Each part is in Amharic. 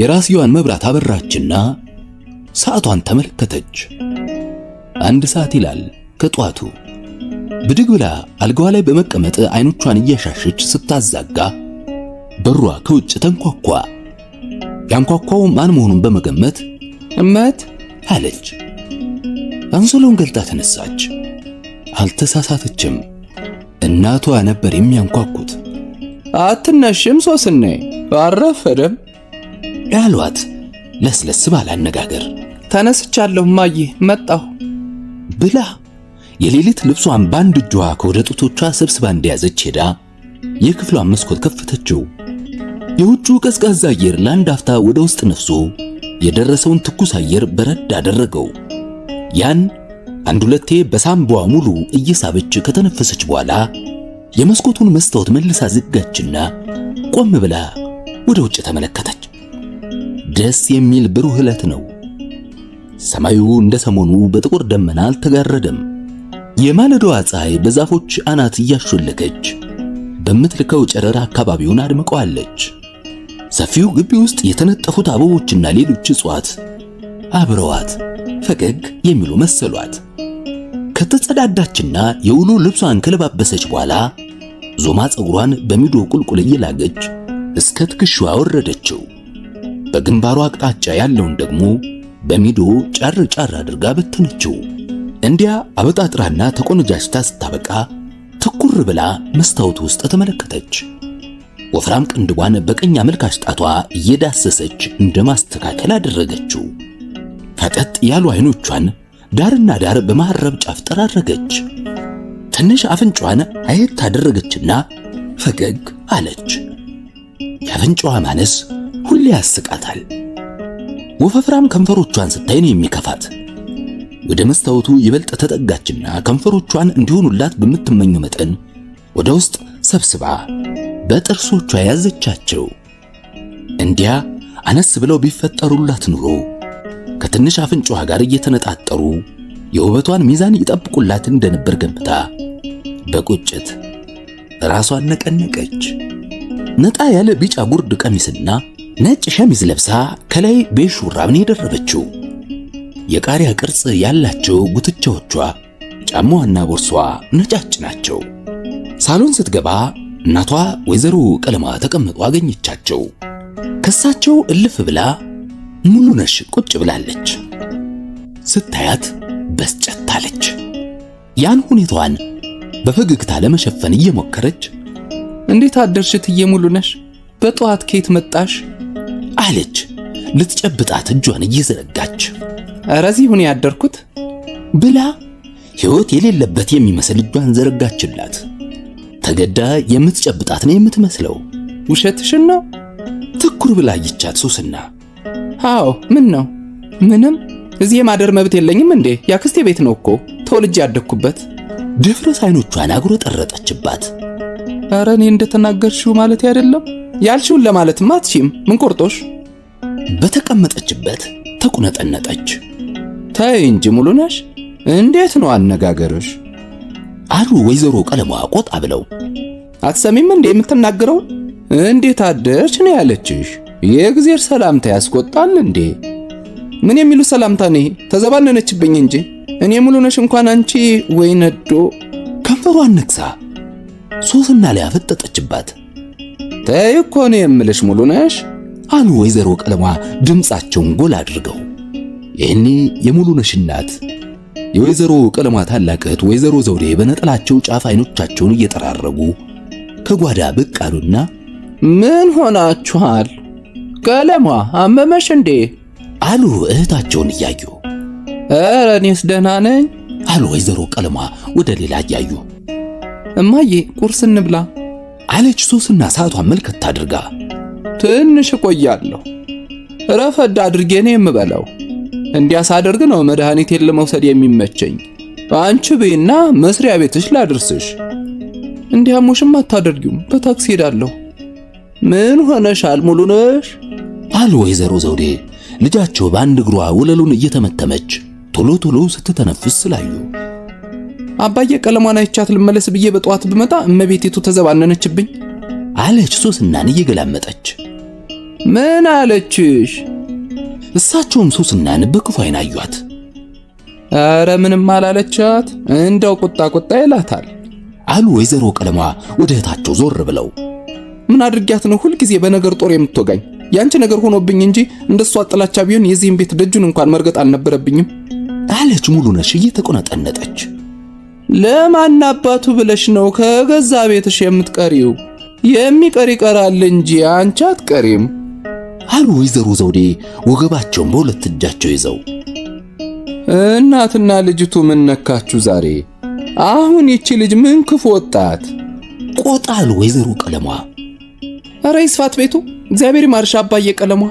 የራስዋን መብራት አበራችና ሰዓቷን ተመለከተች። አንድ ሰዓት ይላል ከጧቱ። ብድግ ብላ አልጋዋ ላይ በመቀመጥ አይኖቿን እያሻሸች ስታዛጋ በሯ ከውጭ ተንኳኳ። ያንኳኳው ማን መሆኑን በመገመት እመት አለች። አንሶሎን ገልጣ ተነሳች። አልተሳሳተችም። እናቷ ነበር የሚያንኳኩት። አትነሽም ሶስኔ? አረፈደም ያሏት ለስለስ ባለ አነጋገር ተነስቻለሁ ማዬ መጣሁ ብላ የሌሊት ልብሷን በአንድ እጇ ከወደ ጡቶቿ ሰብስባ እንደያዘች ሄዳ የክፍሏን መስኮት ከፈተችው። የውጩ ቀዝቃዛ አየር ለአንድ አፍታ ወደ ውስጥ ነፍሶ የደረሰውን ትኩስ አየር በረድ አደረገው። ያን አንድ ሁለቴ በሳምቧ ሙሉ እየሳበች ከተነፈሰች በኋላ የመስኮቱን መስታወት መልሳ ዝጋችና ቆም ብላ ወደ ውጭ ተመለከተች። ደስ የሚል ብሩህ ዕለት ነው። ሰማዩ እንደ ሰሞኑ በጥቁር ደመና አልተጋረደም። የማለዳዋ ፀሐይ በዛፎች አናት እያሾለከች በምትልከው ጨረር አካባቢውን አድምቀዋለች። ሰፊው ግቢ ውስጥ የተነጠፉት አበቦችና ሌሎች እጽዋት አብረዋት ፈገግ የሚሉ መሰሏት። ከተጸዳዳችና የውሎ ልብሷን ከለባበሰች በኋላ ዞማ ፀጉሯን በሚዶ ቁልቁል እየላገች እስከ ትከሻዋ ወረደችው። በግንባሩ አቅጣጫ ያለውን ደግሞ በሚዶ ጨር ጨር አድርጋ በተነችው። እንዲያ አበጣጥራና ተቆነጃጅታ ስታበቃ ትኩር ብላ መስታወት ውስጥ ተመለከተች። ወፍራም ቅንድቧን በቀኝ አመልካች ጣቷ እየዳሰሰች እንደ ማስተካከል አደረገችው። ፈጠጥ ያሉ አይኖቿን ዳርና ዳር በማረብ ጫፍ ጠራረገች። ትንሽ አፍንጫዋን አየት አደረገችና ፈገግ አለች። የአፍንጫዋ ማነስ ሁሌ ያስቃታል። ወፈፍራም ከንፈሮቿን ስታይ ነው የሚከፋት። ወደ መስታወቱ ይበልጥ ተጠጋችና ከንፈሮቿን እንዲሆኑላት በምትመኘው መጠን ወደ ውስጥ ሰብስባ በጥርሶቿ ያዘቻቸው። እንዲያ አነስ ብለው ቢፈጠሩላት ኑሮ ከትንሽ አፍንጫዋ ጋር እየተነጣጠሩ የውበቷን ሚዛን ይጠብቁላት እንደነበር ገምታ በቁጭት ራሷን ነቀነቀች። ነጣ ያለ ቢጫ ጉርድ ቀሚስና ነጭ ሸሚዝ ለብሳ ከላይ ቤዥ ሹራብን የደረበችው የቃሪያ ቅርጽ ያላቸው ጉትቻዎቿ፣ ጫማዋና ቦርሳዋ ነጫጭ ናቸው። ሳሎን ስትገባ እናቷ ወይዘሮ ቀለማ ተቀምጦ አገኘቻቸው። ከሳቸው እልፍ ብላ ሙሉ ነሽ ቁጭ ብላለች። ስታያት በስጨት አለች። ያን ሁኔታዋን በፈገግታ ለመሸፈን እየሞከረች እንዴት አደርሽ ሙሉ ነሽ በጠዋት ከየት መጣሽ? አለች ልትጨብጣት እጇን እየዘረጋች። እረዚህ ሁን ያደርኩት ብላ ሕይወት የሌለበት የሚመስል እጇን ዘረጋችላት። ተገዳ የምትጨብጣት ነው የምትመስለው። ውሸትሽን ነው? ትኩር ብላ ይቻት ሶስና። አዎ ምን ነው? ምንም እዚህ የማደር መብት የለኝም እንዴ? ያክስቴ ቤት ነው እኮ ተወልጄ ያደግኩበት። ድፍረስ አይኖቿን አጉረጠረጠችባት። ኧረ እኔ እንደተናገርሽው ማለት አይደለም ያልችውን ለማለት አትችም። ምን ቆርጦሽ? በተቀመጠችበት ተቁነጠነጠች። ተይ እንጂ ሙሉነሽ፣ እንዴት ነው አነጋገርሽ? አሉ ወይዘሮ ቀለሟ ቆጣ ብለው። አትሰሚም እንዴ የምትናገረው? እንዴት አደርች ነው ያለችሽ? የእግዜር ሰላምታ ያስቆጣል እንዴ? ምን የሚሉ ሰላምታ ነው? ተዘባነነችብኝ እንጂ እኔ ሙሉነሽ እንኳን አንቺ ወይ ነዶ ከንፈሯን ነክሳ ሶስና ላይ አፈጠጠችባት። ተይ እኮ ነው የምልሽ ነሽ አሉ ወይዘሮ ቀለሟ ድምፃቸውን ጎል አድርገው። ይህኔ ነሽ እናት የወይዘሮ ቀለሟ ታላቅ እህት ወይዘሮ ዘውዴ በነጠላቸው ጫፍ አይኖቻቸውን እየጠራረጉ ከጓዳ ብቅ አሉና ምን ሆናችኋል? ቀለሟ አመመሽ እንዴ? አሉ እህታቸውን እያዩ። ኧረ እኔስ ደህና ነኝ አሉ ወይዘሮ ቀለሟ ወደ ሌላ እያዩ። እማዬ ቁርስ እንብላ አለች ሱስና ሰዓቷን መልከት አድርጋ። ትንሽ እቆያለሁ ረፈድ አድርጌ ነው የምበላው። እንዲያሳደርግ ነው መድኃኒቴን ለመውሰድ የሚመቸኝ። አንቺ ቤና መስሪያ ቤትሽ ላድርስሽ። እንዲያሞሽም አታደርጊውም። በታክሲ ሄዳለሁ። ምን ሆነሻል ሙሉ ነሽ? አሉ ወይዘሮ ዘውዴ ልጃቸው በአንድ እግሯ ወለሉን እየተመተመች ቶሎ ቶሎ ስትተነፍስ ስላዩ አባዬ ቀለሟን አይቻት ልመለስ ብዬ በጠዋት ብመጣ እመቤቴቱ ተዘባነነችብኝ አለች ሶስናን እየገላመጠች። ምን አለችሽ? እሳቸውም ሶስናን በክፉ አይን አዩአት። አረ ምንም አላለቻት፣ እንደው ቁጣ ቁጣ ይላታል አሉ ወይዘሮ ቀለሟ ወደ እህታቸው ዞር ብለው። ምን አድርጊያት ነው ሁልጊዜ በነገር ጦር የምትወጋኝ? ያንቺ ነገር ሆኖብኝ እንጂ እንደሷ ጥላቻ ቢሆን የዚህን ቤት ደጁን እንኳን መርገጥ አልነበረብኝም አለች ሙሉነሽ እየተቆነጠነጠች። ለማን አባቱ ብለሽ ነው ከገዛ ቤትሽ የምትቀሪው? የሚቀር ይቀራል እንጂ አንቺ አትቀሪም አሉ ወይዘሮ ዘውዴ ወገባቸውን በሁለት እጃቸው ይዘው። እናትና ልጅቱ ምን ነካችሁ ዛሬ? አሁን ይቺ ልጅ ምን ክፉ ወጣት ቆጣ አሉ ወይዘሮ ቀለሟ። እረ ይስፋት ቤቱ እግዚአብሔር ማርሻ አባዬ ቀለሟ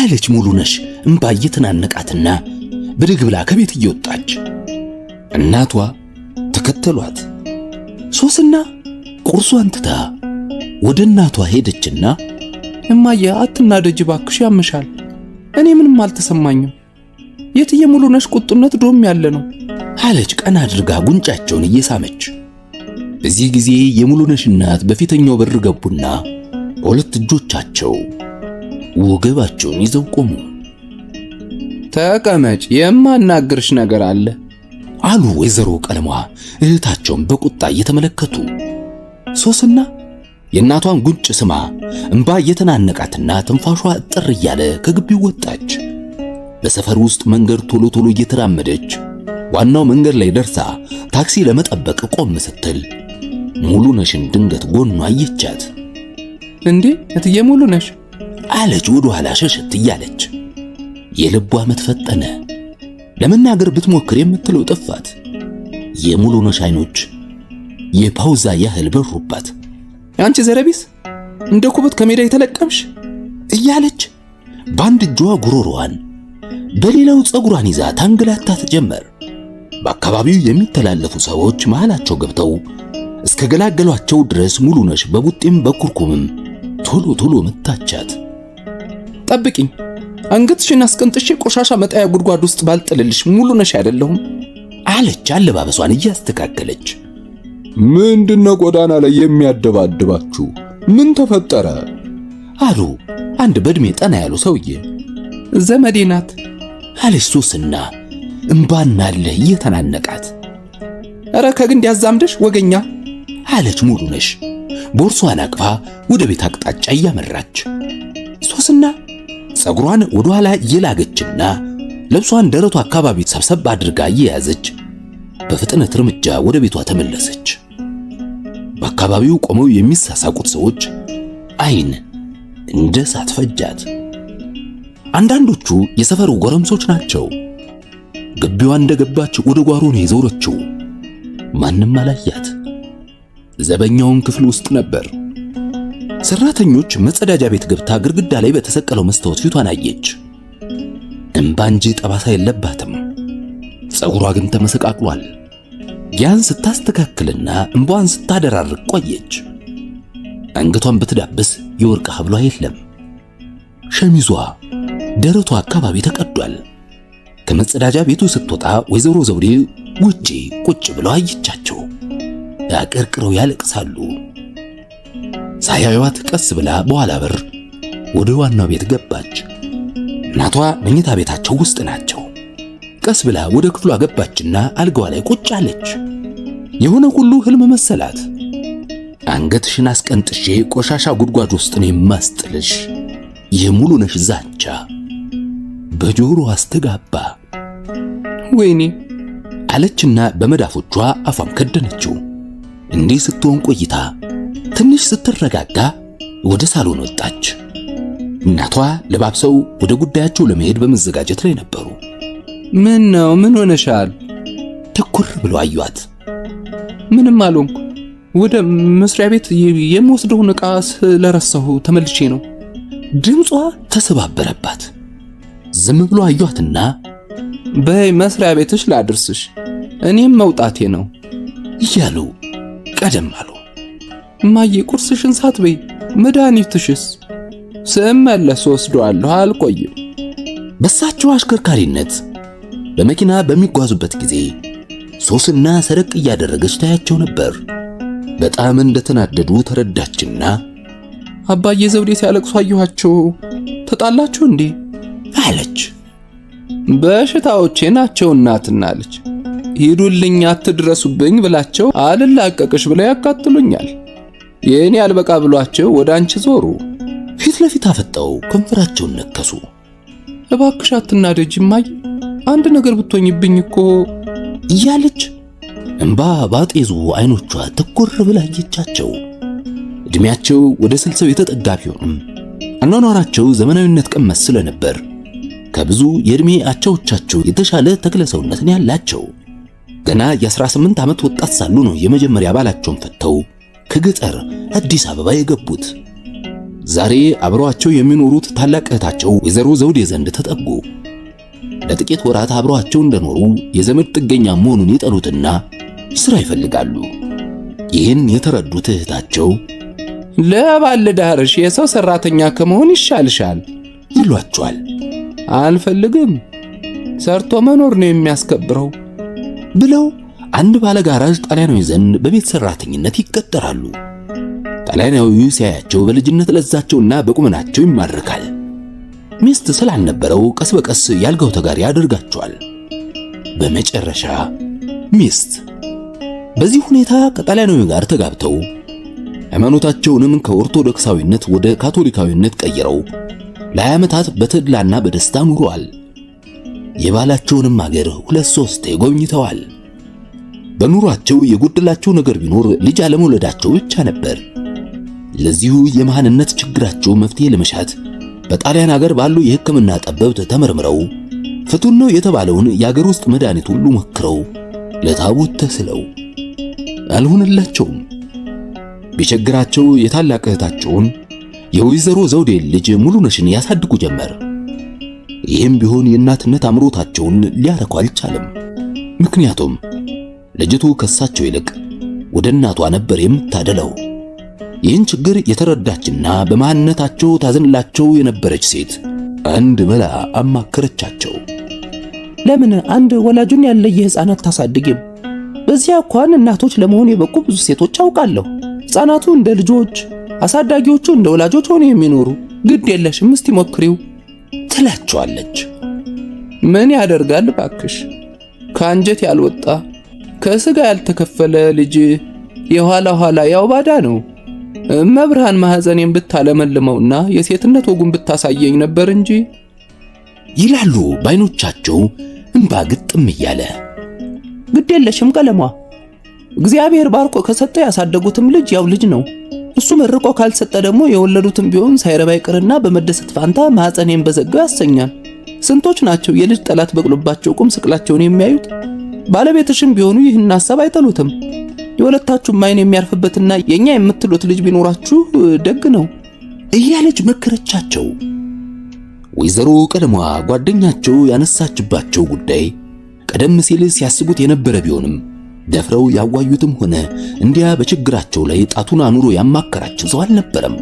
አለች ሙሉ ነሽ እምባ እየተናነቃትና ብድግ ብላ ከቤት እየወጣች እናቷ ተከተሏት። ሶስና ቁርሷን ትታ ወደ እናቷ ሄደችና እማዬ አትናደጂ እባክሽ ያመሻል። እኔ ምንም አልተሰማኝም። የትዬ ነሽ ቁጡነት ዶም ያለ ነው አለች ቀና አድርጋ ጉንጫቸውን እየሳመች። በዚህ ጊዜ የሙሉነሽ እናት በፊተኛው በር ገቡና በሁለት እጆቻቸው ወገባቸውን ይዘው ቆሙ። ተቀመጭ፣ የማናግርሽ ነገር አለ አሉ ወይዘሮ ቀለሟ እህታቸውን በቁጣ እየተመለከቱ። ሶስና የእናቷን ጉንጭ ስማ እምባ እየተናነቃትና ትንፋሿ እጥር እያለ ከግቢው ወጣች። በሰፈር ውስጥ መንገድ ቶሎ ቶሎ እየተራመደች ዋናው መንገድ ላይ ደርሳ ታክሲ ለመጠበቅ ቆም ስትል ነሽን ድንገት ጎኗ አየቻት። እንዴ እትዬ ነሽ አለች ወደ ኋላ ሸሸት እያለች የልቧ ምት ፈጠነ። ለመናገር ብትሞክር የምትለው ጥፋት የሙሉ ነሽ አይኖች የፓውዛ ያህል በሩባት። አንቺ ዘረቢስ እንደ ኩበት ከሜዳ የተለቀምሽ እያለች በአንድ እጇ ጉሮሮዋን በሌላው ፀጉሯን ይዛ ታንገላታት ጀመር። በአካባቢው የሚተላለፉ ሰዎች መሃላቸው ገብተው እስከ ገላገሏቸው ድረስ ነሽ በቡጤም በኩርኩምም ቶሎ ቶሎ መታቻት። ጠብቂኝ አንገትሽን አስቀንጥሼ ቆሻሻ መጣያ ጉድጓድ ውስጥ ባልጥልልሽ ሙሉ ነሽ አይደለሁም? አለች አለባበሷን እያስተካከለች። ምንድነው ጎዳና ላይ የሚያደባድባችሁ? ምን ተፈጠረ? አሉ አንድ በእድሜ ጠና ያሉ ሰውዬ። ዘመዴ ናት አለች ሱስና እምባና አለ እየተናነቃት። ኧረ ከግንድ ያዛምደሽ ወገኛ አለች ሙሉ ነሽ ቦርሷን አቅፋ ወደ ቤት አቅጣጫ እያመራች ሶስና ፀጉሯን ኋላ እየላገችና ልብሷን ደረቷ አካባቢ ሰብሰብ አድርጋ እየያዘች በፍጥነት እርምጃ ወደ ቤቷ ተመለሰች። በአካባቢው ቆመው የሚሳሳቁት ሰዎች አይን እንደ እሳት ፈጃት። አንዳንዶቹ የሰፈሩ ጎረምሶች ናቸው። ግቢዋ እንደገባች ወደ ጓሮ ነው የዞረችው። ማንም አላያት። ዘበኛውን ክፍል ውስጥ ነበር። ሰራተኞች መጸዳጃ ቤት ገብታ ግድግዳ ላይ በተሰቀለው መስታወት ፊቷን አየች። እንባ እንጂ ጠባሳ የለባትም። ፀጉሯ ግን ተመሰቃቅሏል። ያን ስታስተካክልና እንባዋን ስታደራርቅ ቆየች። አንገቷን ብትዳብስ የወርቅ ሀብሏ የለም። ሸሚዟ ደረቷ አካባቢ ተቀዷል። ከመጸዳጃ ቤቱ ስትወጣ ወይዘሮ ዘውዴ ውጪ ቁጭ ብለው አየቻቸው። አቀርቅረው ያለቅሳሉ። ሳያዩዋት ቀስ ብላ በኋላ በር ወደ ዋናው ቤት ገባች። እናቷ መኝታ ቤታቸው ውስጥ ናቸው። ቀስ ብላ ወደ ክፍሏ ገባችና አልጋዋ ላይ ቁጭ አለች። የሆነ ሁሉ ህልም መሰላት። አንገትሽን አስቀንጥሼ ቆሻሻ ጉድጓድ ውስጥ ነው የማስጥልሽ፣ ነሽ ዛቻ በጆሮ አስተጋባ። ወይኔ አለችና በመዳፎቿ አፏም ከደነችው። እንዲህ ስትሆን ቆይታ ትንሽ ስትረጋጋ ወደ ሳሎን ወጣች። እናቷ ለባብሰው ወደ ጉዳያቸው ለመሄድ በመዘጋጀት ላይ ነበሩ። ምን ነው? ምን ሆነሻል? ትኩር ብሎ አዩአት። ምንም አልሆንኩ። ወደ መስሪያ ቤት የምወስደውን ዕቃ ስለረሳሁ ተመልሼ ነው። ድምጿ ተሰባበረባት። ዝም ብሎ አዩአትና በይ መስሪያ ቤትሽ ላድርስሽ፣ እኔም መውጣቴ ነው እያሉ ቀደም አሉ። እማዬ ቁርስሽን ሳትበይ መድኃኒትሽስ? ስመለስ ወስደዋለሁ፣ አልቆይም። በሳቸው አሽከርካሪነት በመኪና በሚጓዙበት ጊዜ ሶስና ሰረቅ እያደረገች ታያቸው ነበር። በጣም እንደተናደዱ ተረዳችና አባዬ ዘውዴ ሲያለቅሱ አየኋቸው፣ ተጣላችሁ እንዴ? አለች። በሽታዎቼ ናቸው እናትና አለች። ሂዱልኝ፣ አትድረሱብኝ ብላቸው አልላቀቅሽ ብለው ያቃጥሉኛል የእኔ አልበቃ ብሏቸው ወደ አንቺ ዞሩ። ፊት ለፊት አፈጠው ከንፈራቸውን ነከሱ። እባክሽ አትናደጂ እማዬ፣ አንድ ነገር ብትሆኝብኝ እኮ እያለች እንባ ባጤዙ አይኖቿ ትኩር ብላ አየቻቸው። እድሜያቸው ወደ ስልሰው የተጠጋ ቢሆንም አኗኗራቸው ዘመናዊነት ቀመስ ስለነበር ከብዙ የእድሜ አቻዎቻቸው የተሻለ ተክለ ሰውነትን ያላቸው ገና የ18 ዓመት ወጣት ሳሉ ነው የመጀመሪያ ባላቸውን ፈተው ከገጠር አዲስ አበባ የገቡት። ዛሬ አብረዋቸው የሚኖሩት ታላቅ እህታቸው ወይዘሮ ዘውዴ ዘንድ ተጠጉ። ለጥቂት ወራት አብረዋቸው እንደኖሩ የዘመድ ጥገኛ መሆኑን ይጠሉትና ስራ ይፈልጋሉ። ይህን የተረዱት እህታቸው ለባለ ዳርሽ የሰው ሰራተኛ ከመሆን ይሻልሻል ይሏቸዋል። አልፈልግም፣ ሰርቶ መኖር ነው የሚያስከብረው ብለው አንድ ባለ ጋራዥ ጣሊያናዊ ዘንድ በቤት ሰራተኝነት ይቀጠራሉ። ጣሊያናዊው ሲያያቸው በልጅነት ለዛቸውና በቁመናቸው ይማርካል። ሚስት ስላልነበረው ቀስ በቀስ ያልጋው ተጋሪ ያደርጋቸዋል። በመጨረሻ ሚስት። በዚህ ሁኔታ ከጣሊያናዊ ጋር ተጋብተው ሃይማኖታቸውንም ከኦርቶዶክሳዊነት ወደ ካቶሊካዊነት ቀይረው ለሀያ ዓመታት በተድላና በደስታ ኑረዋል። የባላቸውንም አገር ሁለት ሶስቴ ጎብኝተዋል። በኑሯቸው የጎደላቸው ነገር ቢኖር ልጅ አለመውለዳቸው ብቻ ነበር። ለዚሁ የመሃንነት ችግራቸው መፍትሄ ለመሻት በጣሊያን ሀገር ባሉ የሕክምና ጠበብት ተመርምረው ፍቱን ነው የተባለውን የአገር ውስጥ መድኃኒት ሁሉ ሞክረው ለታቦት ተስለው አልሆነላቸውም። ቢቸግራቸው የታላቅ እህታቸውን የወይዘሮ ዘውዴ ልጅ ሙሉነሽን ያሳድጉ ጀመር። ይህም ቢሆን የእናትነት አምሮታቸውን ሊያረኩ አልቻለም። ምክንያቱም ልጅቱ ከሳቸው ይልቅ ወደ እናቷ ነበር የምታደለው። ይህን ችግር የተረዳችና በማንነታቸው ታዝንላቸው የነበረች ሴት አንድ ብላ አማከረቻቸው። ለምን አንድ ወላጁን ያለየ ሕፃናት ታሳድግም? በዚያ እንኳን እናቶች ለመሆን የበቁ ብዙ ሴቶች አውቃለሁ። ሕፃናቱ እንደ ልጆች፣ አሳዳጊዎቹ እንደ ወላጆች ሆነ የሚኖሩ ግድ የለሽም እስቲ ሞክሪው ትላቸዋለች። ምን ያደርጋል ባክሽ ከአንጀት ያልወጣ ከስጋ ያልተከፈለ ልጅ የኋላ ኋላ ያው ባዳ ነው። እመብርሃን ማህፀኔን ብታለመልመውና የሴትነት ወጉን ብታሳየኝ ነበር እንጂ ይላሉ ባይኖቻቸው እንባ ግጥም እያለ ግድ የለሽም ቀለሟ እግዚአብሔር ባርቆ ከሰጠ ያሳደጉትም ልጅ ያው ልጅ ነው። እሱ መርቆ ካልሰጠ ደግሞ የወለዱትም ቢሆን ሳይረባ ይቅርና በመደሰት ፋንታ ማህፀኔን በዘጋው ያሰኛል። ስንቶች ናቸው የልጅ ጠላት በቅሎባቸው ቁም ስቅላቸውን የሚያዩት? ባለቤትሽም ቢሆኑ ይህን ሐሳብ አይጠሉትም። የሁለታችሁም ማይን የሚያርፍበትና የኛ የምትሉት ልጅ ቢኖራችሁ ደግ ነው እያለች መከረቻቸው። ወይዘሮ ቀለሟ ጓደኛቸው ያነሳችባቸው ጉዳይ ቀደም ሲል ሲያስቡት የነበረ ቢሆንም ደፍረው ያዋዩትም ሆነ እንዲያ በችግራቸው ላይ ጣቱን አኑሮ ያማከራቸው ሰው አልነበረም።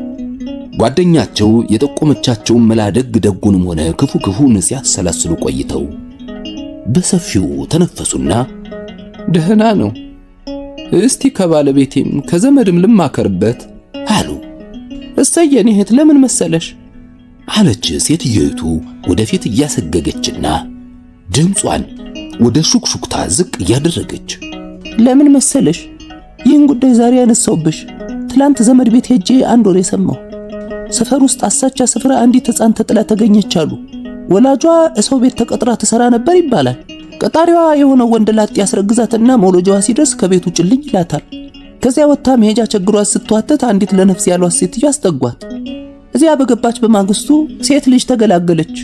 ጓደኛቸው የጠቆመቻቸውን መላ ደግ ደጉንም ሆነ ክፉ ክፉን ሲያሰላስሉ ቆይተው በሰፊው ተነፈሱና ደህና ነው፣ እስቲ ከባለቤቴም ከዘመድም ልማከርበት አሉ። እሰይ እህት ለምን መሰለሽ አለች ሴትዮቱ ወደፊት እያሰገገችና ድምጿን ወደ ሹክሹክታ ዝቅ እያደረገች ለምን መሰለሽ ይህን ጉዳይ ዛሬ ያነሳውብሽ ትላንት ዘመድ ቤት ሄጄ አንድ ወሬ ሰማሁ። ሰፈር ውስጥ አሳቻ ስፍራ አንዲት ሕፃን ተጥላ ተገኘች አሉ። ወላጇ ሰው ቤት ተቀጥራ ትሰራ ነበር ይባላል። ቀጣሪዋ የሆነ ወንድ ላጤ ያስረግዛትና መውለጃዋ ሲደርስ ከቤቱ ጭልኝ ይላታል። ከዚያ ወጥታ መሄጃ ቸግሯት ስትዋተት አንዲት ለነፍስ ያሏት ሴትዮ አስጠጓት። እዚያ በገባች በማግስቱ ሴት ልጅ ተገላገለች።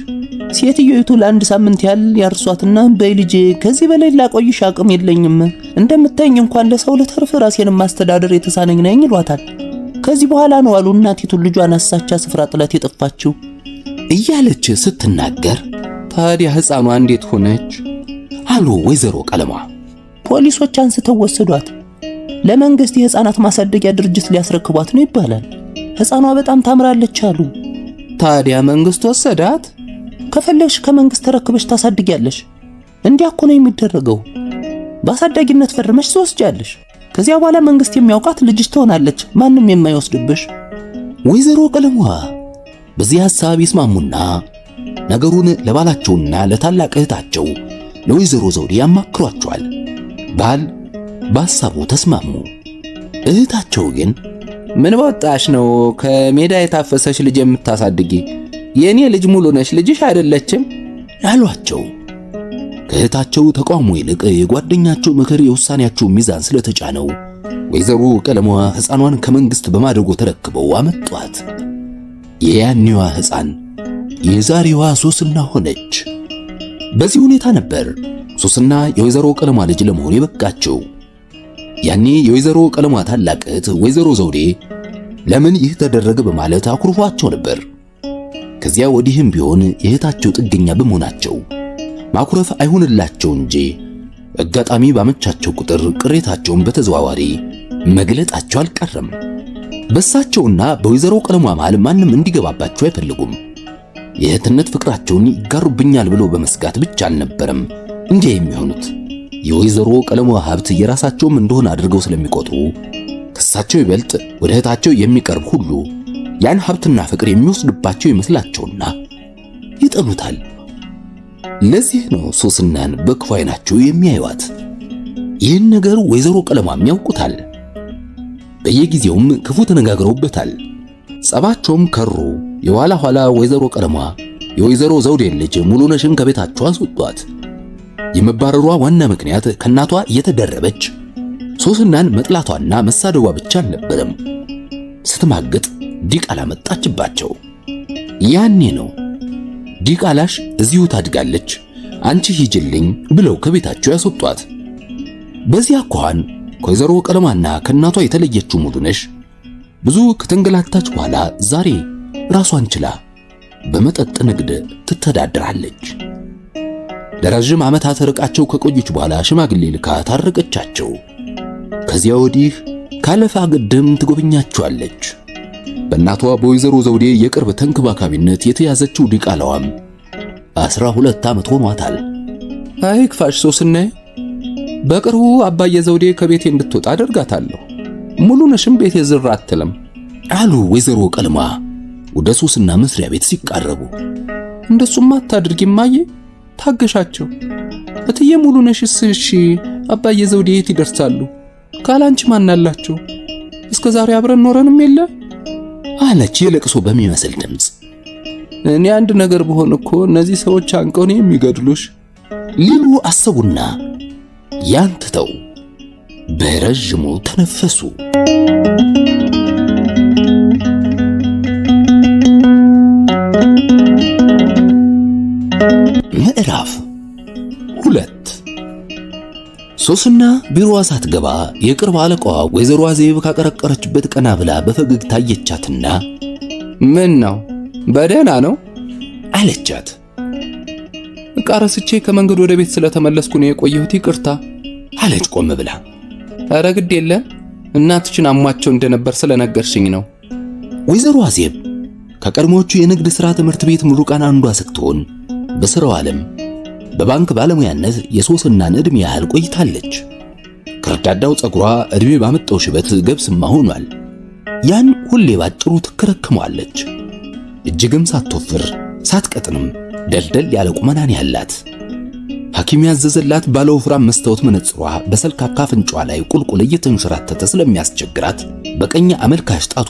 ሴትዮይቱ ለአንድ ሳምንት ያህል ያርሷትና በይ ልጄ ከዚህ በላይ ላቆይሽ አቅም የለኝም፣ እንደምታይኝ እንኳን ለሰው ልተርፍ ራሴን ማስተዳደር የተሳነኝ ነኝ ይሏታል። ከዚህ በኋላ ነው አሉ እናቲቱን ልጇን አሳቻ ስፍራ ጥለት የጠፋችው። እያለች ስትናገር ታዲያ ሕፃኗ እንዴት ሆነች? አሉ ወይዘሮ ቀለሟ። ፖሊሶች አንስተው ወሰዷት። ለመንግስት የሕፃናት ማሳደጊያ ድርጅት ሊያስረክቧት ነው ይባላል። ሕፃኗ በጣም ታምራለች አሉ። ታዲያ መንግስት ወሰዳት። ከፈለግሽ ከመንግስት ተረክበሽ ታሳድጊያለሽ። እንዲያ እኮ ነው የሚደረገው። በአሳዳጊነት ፈርመሽ ትወስጃለሽ። ከዚያ በኋላ መንግስት የሚያውቃት ልጅሽ ትሆናለች፣ ማንም የማይወስድብሽ። ወይዘሮ ቀለሟ በዚህ ሐሳብ ይስማሙና ነገሩን ለባላቸውና ለታላቅ እህታቸው ለወይዘሮ ዘውዴ ያማክሯቸዋል። ባል በሐሳቡ ተስማሙ። እህታቸው ግን ምን በወጣሽ ነው ከሜዳ የታፈሰች ልጅ የምታሳድጊ? የእኔ ልጅ ሙሉ ነሽ፣ ልጅሽ አይደለችም አሏቸው። ከእህታቸው ተቋሙ ይልቅ የጓደኛቸው ምክር የውሳኔያቸው ሚዛን ስለተጫነው ወይዘሮ ቀለሟ ሕፃኗን ከመንግሥት በማደጎ ተረክበው አመጧት። የያኔዋ ሕፃን የዛሬዋ ሶስና ሆነች። በዚህ ሁኔታ ነበር ሶስና የወይዘሮ ቀለሟ ልጅ ለመሆን የበቃቸው። ያኔ የወይዘሮ ቀለሟ ታላቅ እህት ወይዘሮ ዘውዴ ለምን ይህ ተደረገ በማለት አኩርፏቸው ነበር። ከዚያ ወዲህም ቢሆን የእህታቸው ጥገኛ በመሆናቸው ማኩረፍ አይሆንላቸው እንጂ አጋጣሚ ባመቻቸው ቁጥር ቅሬታቸውን በተዘዋዋሪ መግለጣቸው አልቀረም። በእሳቸውና በወይዘሮ ቀለሟ መሃል ማንም እንዲገባባቸው አይፈልጉም። የእህትነት ፍቅራቸውን ይጋሩብኛል ብሎ በመስጋት ብቻ አልነበረም እንዲህ የሚሆኑት። የወይዘሮ ቀለሟ ሀብት የራሳቸውም እንደሆነ አድርገው ስለሚቆጥሩ ከእሳቸው ይበልጥ ወደ እህታቸው የሚቀርብ ሁሉ ያን ሀብትና ፍቅር የሚወስድባቸው ይመስላቸውና ይጠሉታል። ለዚህ ነው ሶስናን በክፉ አይናቸው የሚያዩዋት። ይህን ነገር ወይዘሮ ቀለሟም ያውቁታል። በየጊዜውም ክፉ ተነጋግረውበታል። ጸባቸውም ከሩ። የኋላ ኋላ ወይዘሮ ቀለሟ የወይዘሮ ዘውዴ ልጅ ሙሉነሽን ከቤታቸው አስወጧት። የመባረሯ ዋና ምክንያት ከእናቷ እየተደረበች ሶስናን መጥላቷና መሳደቧ ብቻ አልነበረም። ስትማግጥ ዲቃላ መጣችባቸው። ያኔ ነው ዲቃላሽ እዚሁ ታድጋለች፣ አንቺ ሂጅልኝ ብለው ከቤታቸው ያስወጧት። በዚያ አኳኋን ከወይዘሮ ቀለማና ከእናቷ የተለየችው ሙሉነሽ ብዙ ከተንገላታች በኋላ ዛሬ ራሷን ችላ በመጠጥ ንግድ ትተዳድራለች። ለረዥም ዓመታት ርቃቸው ከቆየች በኋላ ሽማግሌ ልካ ታረቀቻቸው። ከዚያ ወዲህ ካለፋ ግድም ትጎበኛቸዋለች። በእናቷ በወይዘሮ ዘውዴ የቅርብ ተንክባካቢነት የተያዘችው ዲቃላዋም አስራ ሁለት ዓመት ሆኗታል። አይክፋሽ ክፋሽ ስናይ በቅርቡ አባዬ ዘውዴ ከቤቴ እንድትወጣ አደርጋታለሁ። ነሽም ቤቴ ዝር አትልም አሉ ወይዘሮ ቀልማ ወደ ሱስና መስሪያ ቤት ሲቃረቡ። እንደሱም አታድርጊ እማዬ፣ ታገሻቸው። እትዬ ሙሉነሽስ እሺ፣ አባዬ ዘውዴ የት ይደርሳሉ? ካላንቺ ማን አላቸው? እስከ ዛሬ አብረን ኖረንም የለ አለች የለቅሶ በሚመስል ድምፅ። እኔ አንድ ነገር ብሆን እኮ እነዚህ ሰዎች አንቀው የሚገድሉሽ ሊሉ አሰቡና ያንትተው በረዥሙ ተነፈሱ። ምዕራፍ ሁለት ሶስና ቢሮዋ ሳትገባ የቅርብ አለቃዋ ወይዘሮ አዜብ ካቀረቀረችበት ቀና ብላ በፈገግታ አየቻትና ምን ነው በደህና ነው አለቻት። ዕቃ ረስቼ ከመንገድ ወደ ቤት ስለተመለስኩ ነው የቆየሁት፣ ይቅርታ አለች ቆም ብላ። እረ ግድ የለም እናትሽን አሟቸው እንደነበር ስለነገርሽኝ ነው። ወይዘሮ አዜብ ከቀድሞዎቹ የንግድ ሥራ ትምህርት ቤት ምሩቃን አንዷ ስትሆን በሥራው ዓለም በባንክ ባለሙያነት የሶስናን ዕድሜ ያህል ቆይታለች። ከረዳዳው ፀጉሯ ዕድሜ ባመጣው ሽበት ገብስማ ሆኗል። ያን ሁሌ ባጭሩ ትከረክሟለች። እጅግም ሳትወፍር ሳትቀጥንም ደልደል ያለ ቁመናን ያላት ሐኪም ያዘዘላት ባለወፍራም መስታወት መነጽሯ በሰልካካ አፍንጫ ላይ ቁልቁል እየተንሸራተተ ስለሚያስቸግራት በቀኝ አመልካሽ ጣቷ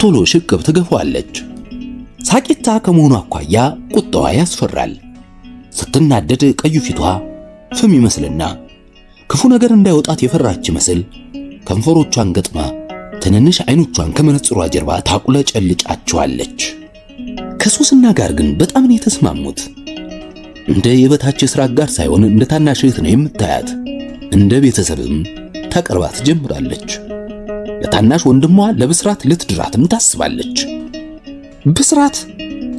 ቶሎ ሽቅብ ትገፋዋለች። ሳቂታ ከመሆኑ አኳያ ቁጣዋ ያስፈራል። ስትናደድ ቀዩ ፊቷ ፍም ይመስልና ክፉ ነገር እንዳይወጣት የፈራች ይመስል ከንፈሮቿን ገጥማ ትንንሽ አይኖቿን ከመነጽሯ ጀርባ ታቁለጨልጫቸዋለች። ከሶስና ጋር ግን በጣም ነው የተስማሙት። እንደ የበታች ስራት ጋር ሳይሆን እንደ ታናሽ እህት ነው የምታያት። እንደ ቤተሰብም ታቀርባት ጀምራለች። ለታናሽ ወንድሟ ለብስራት ልትድራትም ታስባለች። ብስራት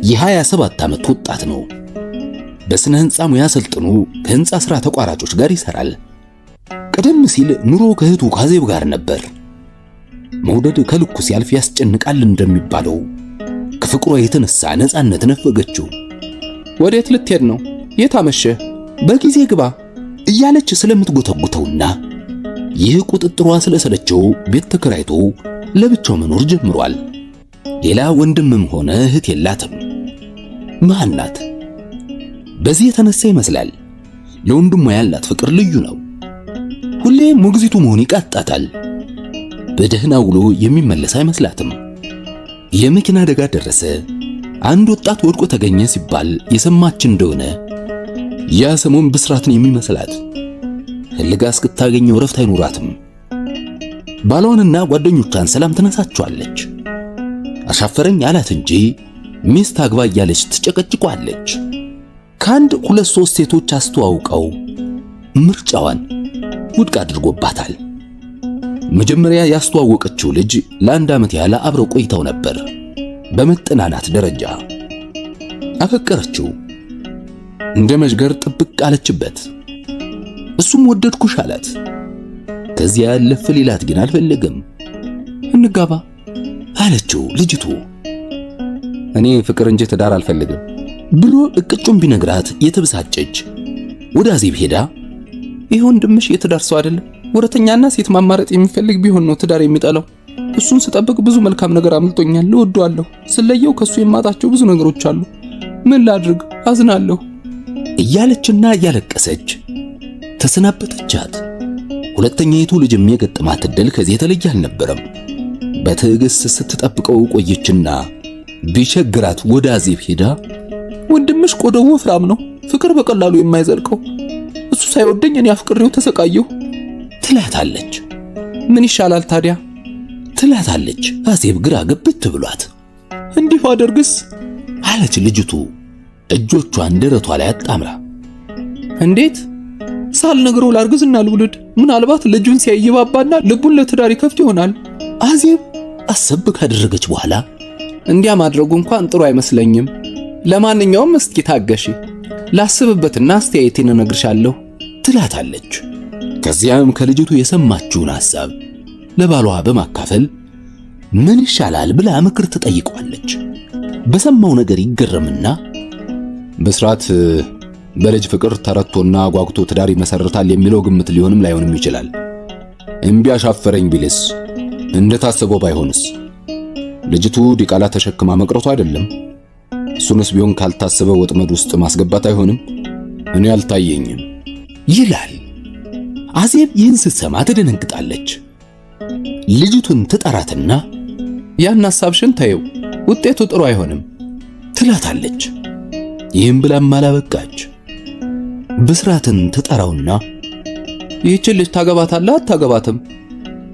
የሃያ ሰባት ዓመት ወጣት ነው። በስነ ህንፃ ሙያ ሰልጥኖ ከህንፃ ስራ ተቋራጮች ጋር ይሰራል። ቀደም ሲል ኑሮ ከእህቱ ካዜብ ጋር ነበር። መውደድ ከልኩ ሲያልፍ ያስጨንቃል እንደሚባለው ከፍቅሯ የተነሳ ነፃነት ነፈገችው። ወዴት ልትሄድ ነው? የታመሸ በጊዜ ግባ እያለች ስለምትጎተጉተውና ይህ ቁጥጥሯ ስለሰለቸው ቤት ተከራይቶ ለብቻው መኖር ጀምሯል። ሌላ ወንድምም ሆነ እህት የላትም። መሃን ናት። በዚህ የተነሳ ይመስላል ለወንድሟ ያላት ፍቅር ልዩ ነው። ሁሌ ሞግዚቱ መሆን ይቃጣታል። በደህና ውሎ የሚመለስ አይመስላትም። የመኪና አደጋ ደረሰ፣ አንድ ወጣት ወድቆ ተገኘ ሲባል የሰማች እንደሆነ ያ ሰሞን ብስራትን የሚመስላት ፈልጋ እስክታገኘው እረፍት አይኖራትም። ባሏንና ጓደኞቿን ሰላም ትነሳቸዋለች። አሻፈረኝ አላት እንጂ ሚስት አግባ እያለች ትጨቀጭቋለች። ከአንድ ሁለት ሶስት ሴቶች አስተዋውቀው ምርጫዋን ውድቅ አድርጎባታል። መጀመሪያ ያስተዋወቀችው ልጅ ለአንድ ዓመት ያህል አብረው ቆይተው ነበር። በመጠናናት ደረጃ አፈቀረችው። እንደ መዥገር ጥብቅ አለችበት። እሱም ወደድኩሽ አላት። ከዚያ ያለፈ ሊላት ግን አልፈለገም። እንጋባ አለችው ልጅቱ። እኔ ፍቅር እንጂ ትዳር አልፈልግም ብሎ እቅጩን ቢነግራት የተበሳጨች ወደ አዜብ ሄዳ ይህ ወንድምሽ የትዳር ሰው አይደለም፣ ወረተኛና ሴት ማማረጥ የሚፈልግ ቢሆን ነው ትዳር የሚጠላው። እሱን ስጠብቅ ብዙ መልካም ነገር አምልጦኛል፣ እወደዋለሁ። ስለየው ከሱ የማጣቸው ብዙ ነገሮች አሉ። ምን ላድርግ? አዝናለሁ እያለችና እያለቀሰች ተሰናበተቻት። ሁለተኛይቱ ልጅም የገጠማት እድል ከዚህ የተለየ አልነበረም። በትዕግስት ስትጠብቀው ቆየችና ቢቸግራት ወደ አዜብ ሄዳ ወንድምሽ ቆዳው ወፍራም ነው፣ ፍቅር በቀላሉ የማይዘልቀው እሱ ሳይወደኝ እኔ አፍቅሬው ተሰቃየሁ ትላታለች። ምን ይሻላል ታዲያ ትላታለች። አዜብ ግራ ገብት ብሏት እንዲሁ አደርግስ አለች ልጅቱ። እጆቿን ደረቷ ላይ አጣምራ እንዴት ሳልነግረው ላርግዝና ልውልድ? ምናልባት ልጁን ሲያይ ይባባና ልቡን ለትዳር ይከፍት ይሆናል። አዜብ አሰብ ካደረገች በኋላ እንዲያ ማድረጉ እንኳን ጥሩ አይመስለኝም። ለማንኛውም እስኪ ታገሺ፣ ላስብበትና አስተያየቴን እነግርሻለሁ ትላታለች። ከዚያም ከልጅቱ የሰማችውን ሐሳብ ለባሏ በማካፈል ምን ይሻላል ብላ ምክር ትጠይቋለች በሰማው ነገር ይገረምና በስርዓት በልጅ ፍቅር ተረቶና ጓጉቶ ትዳር ይመሰርታል የሚለው ግምት ሊሆንም ላይሆንም ይችላል። እምቢ አሻፈረኝ ቢልስ እንደታሰበው ባይሆንስ? ልጅቱ ዲቃላ ተሸክማ መቅረቱ አይደለም። እሱንስ ቢሆን ካልታሰበ ወጥመድ ውስጥ ማስገባት አይሆንም። እኔ አልታየኝም ይላል አዜብ። ይህን ስትሰማ ትደነግጣለች። ልጅቱን ትጠራትና ያን ሐሳብሽን ታየው ውጤቱ ጥሩ አይሆንም ትላታለች። ይህም ብላም አላበቃች። ብስራትን ትጠራውና ይህች ልጅ ታገባታለህ? አታገባትም?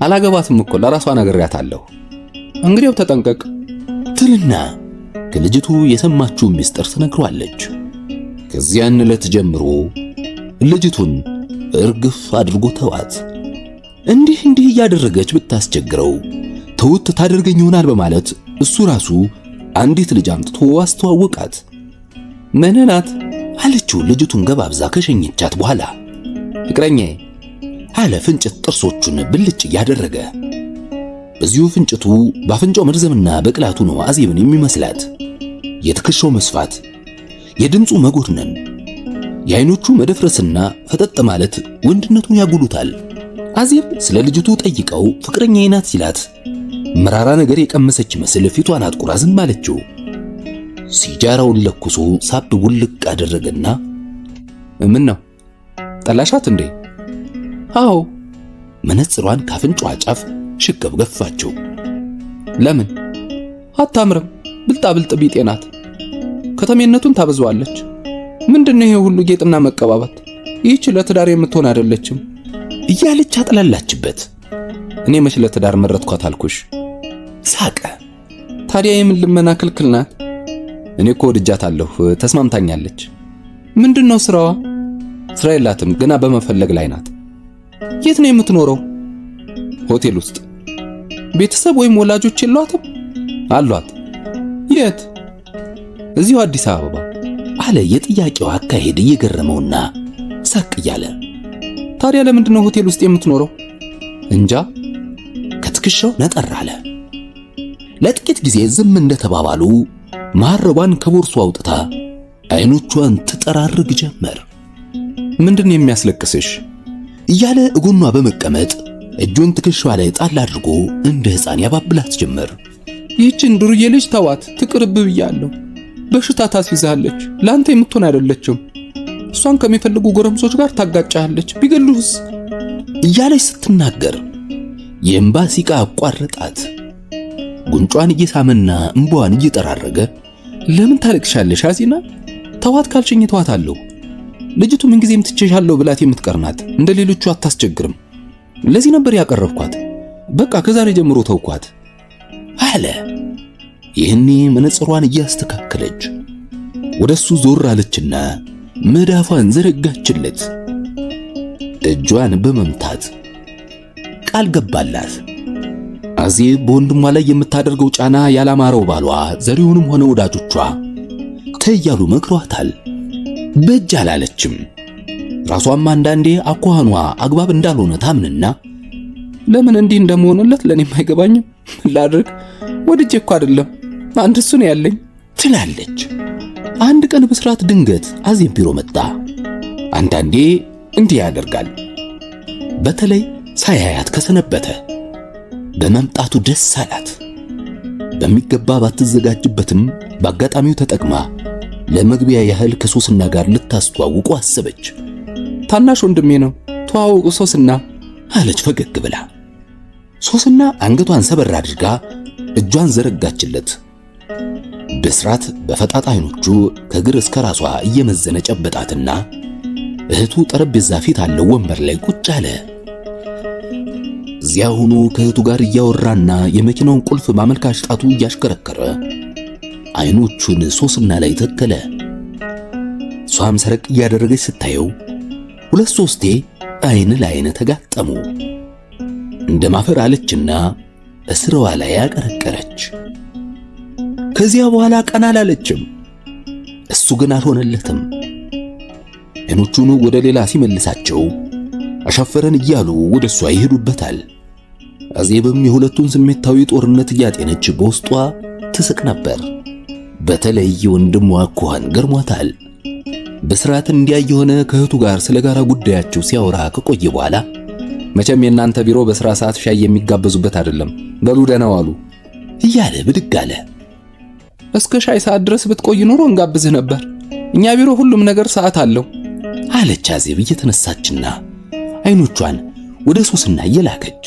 አላገባትም እኮ ለራሷ ነግሬያታለሁ። እንግዲያው ተጠንቀቅ ትልና ከልጅቱ የሰማችው ምስጢር ትነግሯለች። ከዚያን ዕለት ጀምሮ ልጅቱን እርግፍ አድርጎ ተዋት። እንዲህ እንዲህ እያደረገች ብታስቸግረው ተውት ታደርገኝ ይሆናል በማለት እሱ ራሱ አንዲት ልጅ አምጥቶ አስተዋወቃት። ናት! አለችው ልጅቱን ገባብዛ ከሸኘቻት በኋላ ፍቅረኛዬ አለ ፍንጭት ጥርሶቹን ብልጭ እያደረገ። በዚሁ ፍንጭቱ በአፍንጫው መርዘምና በቅላቱ ነው አዜብን የሚመስላት። የትከሻው መስፋት፣ የድምፁ መጎድነን፣ የአይኖቹ መደፍረስና ፈጠጥ ማለት ወንድነቱን ያጉሉታል። አዜብ ስለ ልጅቱ ጠይቀው ፍቅረኛዬ ናት ሲላት መራራ ነገር የቀመሰች መስል ፊቷን አጥቁራ ዝም አለችው። ሲጃራውን ለኩሶ ሳብ ውልቅ አደረገና ምን ነው ጠላሻት እንዴ? አዎ። መነጽሯን ካፍንጫዋ ጫፍ ሽገብ ገፋችው። ለምን አታምርም? ብልጣብልጥ ቢጤ ናት። ከተሜነቱን ታበዛዋለች። ምንድነው ይሄ ሁሉ ጌጥና መቀባባት? ይህች ለትዳር የምትሆን አይደለችም እያለች አጥላላችበት። እኔ መች ለትዳር መረጥኳት አልኩሽ? ሳቀ። ታዲያ የምን ልመና ክልክል ናት? እኔ እኮ ወድጃታለሁ፣ ተስማምታኛለች። ምንድነው ስራዋ? ስራ የላትም ገና በመፈለግ ላይ ናት። የት ነው የምትኖረው? ሆቴል ውስጥ። ቤተሰብ ወይም ወላጆች የሏትም? አሏት። የት? እዚሁ አዲስ አበባ አለ። የጥያቄው አካሄድ እየገረመውና ሳቅ እያለ ታዲያ ለምንድን ነው ሆቴል ውስጥ የምትኖረው? እንጃ። ከትከሻው ነጠር አለ። ለጥቂት ጊዜ ዝም እንደተባባሉ መሐረቧን ከቦርሷ አውጥታ አይኖቿን ትጠራርግ ጀመር። ምንድን የሚያስለቅስሽ እያለ እጎኗ በመቀመጥ እጁን ትከሻዋ ላይ ጣል አድርጎ እንደ ሕፃን ያባብላት ጀመር። ይህችን ዱርዬ ልጅ ተዋት፣ ትቅርብ ብያለሁ። በሽታ ታስይዛለች፣ ለአንተ የምትሆን አይደለችም። እሷን ከሚፈልጉ ጎረምሶች ጋር ታጋጫለች፣ ቢገሉህስ እያለች ስትናገር የእምባ ሲቃ አቋረጣት። ጉንጯን እየሳመና እንባዋን እየጠራረገ ለምን ታለቅሻለሽ አዚና ተዋት ካልሽኝ ተዋታለሁ ልጅቱ ምንጊዜም ትቼሻለሁ ብላት የምትቀርናት እንደ ሌሎቹ አታስቸግርም ለዚህ ነበር ያቀረብኳት በቃ ከዛሬ ጀምሮ ተውኳት አለ ይህኔ መነጽሯን እያስተካከለች ወደሱ ዞር አለችና መዳፏን ዘረጋችለት እጇን በመምታት ቃል ገባላት ናዚ በወንድሟ ላይ የምታደርገው ጫና ያላማረው ባሏ ዘሪሁንም ሆነ ወዳጆቿ ተያሉ መክሯታል። በእጅ አላለችም። ራሷም አንዳንዴ አኳኗ አግባብ እንዳልሆነ ታምንና ለምን እንዲህ እንደመሆንለት ለእኔም አይገባኝም ላድርግ ወድጄ እኮ አይደለም አንድ እሱ ነው ያለኝ ትላለች። አንድ ቀን በስርዓት ድንገት አዜብ ቢሮ መጣ። አንዳንዴ እንዲህ ያደርጋል። በተለይ ሳያያት ከሰነበተ በመምጣቱ ደስ አላት። በሚገባ ባትዘጋጅበትም በአጋጣሚው ተጠቅማ ለመግቢያ ያህል ከሶስና ጋር ልታስተዋውቁ አሰበች። ታናሽ ወንድሜ ነው ተዋውቁ ሶስና አለች ፈገግ ብላ። ሶስና አንገቷን ሰበር አድርጋ እጇን ዘረጋችለት። ብስራት በፈጣጣ አይኖቹ ከግር እስከ ራሷ እየመዘነ ጨበጣትና እህቱ ጠረጴዛ ፊት አለው ወንበር ላይ ቁጭ አለ። እዚያ ሆኖ ከእህቱ ጋር እያወራና የመኪናውን ቁልፍ ማመልካች ጣቱ እያሽከረከረ አይኖቹን ሶስና ላይ ተከለ። እሷም ሰረቅ እያደረገች ስታየው ሁለት ሶስቴ አይን ለአይን ተጋጠሙ። እንደ ማፈር አለችና እስረዋ ላይ አቀረቀረች። ከዚያ በኋላ ቀና አላለችም። እሱ ግን አልሆነለትም። አይኖቹን ወደ ሌላ ሲመልሳቸው አሻፈረን እያሉ ወደ እሷ ይሄዱበታል። አዜብም የሁለቱን ስሜታዊ ጦርነት እያጤነች በውስጧ ትስቅ ነበር። በተለይ ወንድሟ አኳኋን ገርሟታል። በስርዓት እንዲያ የሆነ ከእህቱ ጋር ስለ ጋራ ጉዳያቸው ሲያወራ ከቆየ በኋላ መቼም የእናንተ ቢሮ በስራ ሰዓት ሻይ የሚጋበዙበት አይደለም፣ በሉ ደህና ዋሉ እያለ ብድግ አለ። እስከ ሻይ ሰዓት ድረስ ብትቆይ ኑሮ እንጋብዝህ ነበር፣ እኛ ቢሮ ሁሉም ነገር ሰዓት አለው አለች አዜብ እየተነሳችና አይኖቿን ወደ ሶስና እየላከች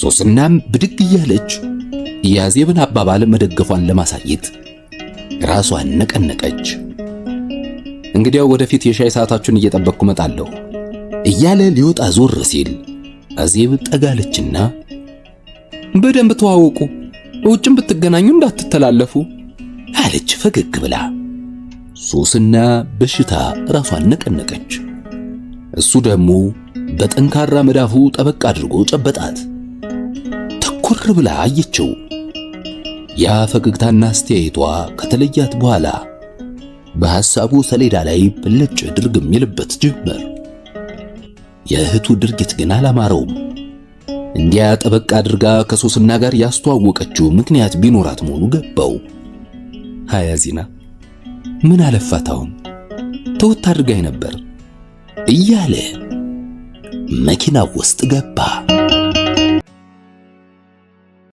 ሶስናም ብድግ እያለች የአዜብን አባባል መደገፏን ለማሳየት ራሷን ነቀነቀች። እንግዲያው ወደፊት የሻይ ሰዓታችሁን እየጠበቅኩ መጣለሁ እያለ ሊወጣ ዞር ሲል አዜብ ጠጋለችና በደንብ ተዋወቁ፣ በውጭም ብትገናኙ እንዳትተላለፉ አለች ፈገግ ብላ። ሶስና በሽታ ራሷን ነቀነቀች። እሱ ደግሞ በጠንካራ መዳፉ ጠበቅ አድርጎ ጨበጣት። ትኩር ብላ አየችው። ያ ፈገግታና አስተያየቷ ከተለያት በኋላ በሐሳቡ ሰሌዳ ላይ ብልጭ ድርግም ይልበት ጀመር። የእህቱ ድርጊት ግን አላማረውም። እንዲያ ጠበቅ አድርጋ ከሶስና ጋር ያስተዋወቀችው ምክንያት ቢኖራት መሆኑ ገባው። ሃያ ዚና ምን አለፋታውን ተወት አድርጋኝ ነበር እያለ መኪናው ውስጥ ገባ።